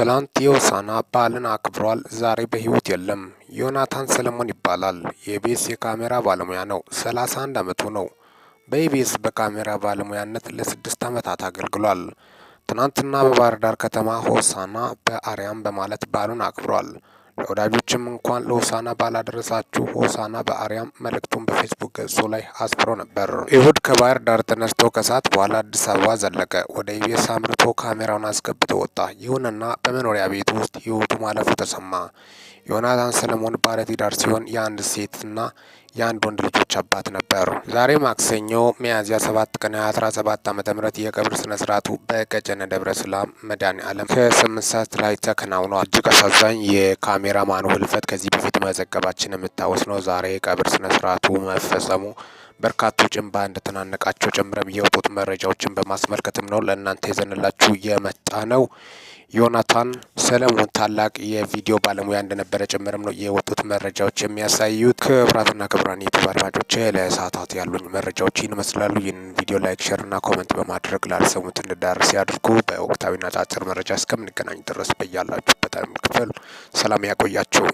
ትላንት የሆሳዕና በዓልን አክብሯል። ዛሬ በህይወት የለም። ዮናታን ሰለሞን ይባላል። የኢቢኤስ የካሜራ ባለሙያ ነው። 31 ዓመቱ ነው። በኢቢኤስ በካሜራ ባለሙያነት ለስድስት ዓመታት አገልግሏል። ትናንትና በባህር ዳር ከተማ ሆሳዕና በአርያም በማለት በዓሉን አክብሯል። ለወዳጆችም እንኳን ለሆሳና ባላደረሳችሁ ሆሳና በአርያም መልእክቱን በፌስቡክ ገጹ ላይ አስፍሮ ነበር። ኢሁድ ከባህር ዳር ተነስቶ ከሰዓት በኋላ አዲስ አበባ ዘለቀ። ወደ ኢቢኤስ አምርቶ ካሜራውን አስገብቶ ወጣ። ይሁንና በመኖሪያ ቤት ውስጥ ሕይወቱ ማለፉ ተሰማ። ዮናታን ሰለሞን ባለትዳር ሲሆን የአንድ ሴትና የአንድ ወንድ ልጆች አባት ነበሩ። ዛሬ ማክሰኞ ሚያዝያ 7 ቀን 2017 ዓ ም የቀብር ስነ ስርዓቱ በቀጨነ ደብረ ሰላም መድኃኔ ዓለም ከስምንት ሰዓት ላይ ተከናውኗል። እጅግ አሳዛኝ የካሜራማኑ ህልፈት ከዚህ በፊት መዘገባችን የምታወስ ነው። ዛሬ የቀብር ስነ ስርዓቱ መፈጸሙ በርካቶች እንባ እንደተናነቃቸው ጨምረም የወጡት መረጃዎችን በማስመልከትም ነው ለእናንተ የዘንላችሁ የመጣ ነው። ዮናታን ሰለሞን ታላቅ የቪዲዮ ባለሙያ እንደነበረ ጭምርም ነው የወጡት መረጃዎች የሚያሳዩት። ክብራትና ክብራን ዩቱብ አድማጮች ለሰዓታት ያሉኝ መረጃዎች ይህን ይመስላሉ። ይህንን ቪዲዮ ላይክ፣ ሸርና ኮመንት በማድረግ ላልሰሙት እንዲዳረስ ያድርጉ። በወቅታዊና አጫጭር መረጃ እስከምንገናኝ ድረስ በያላችሁበት ዓለም ክፍል ሰላም ያቆያችሁ።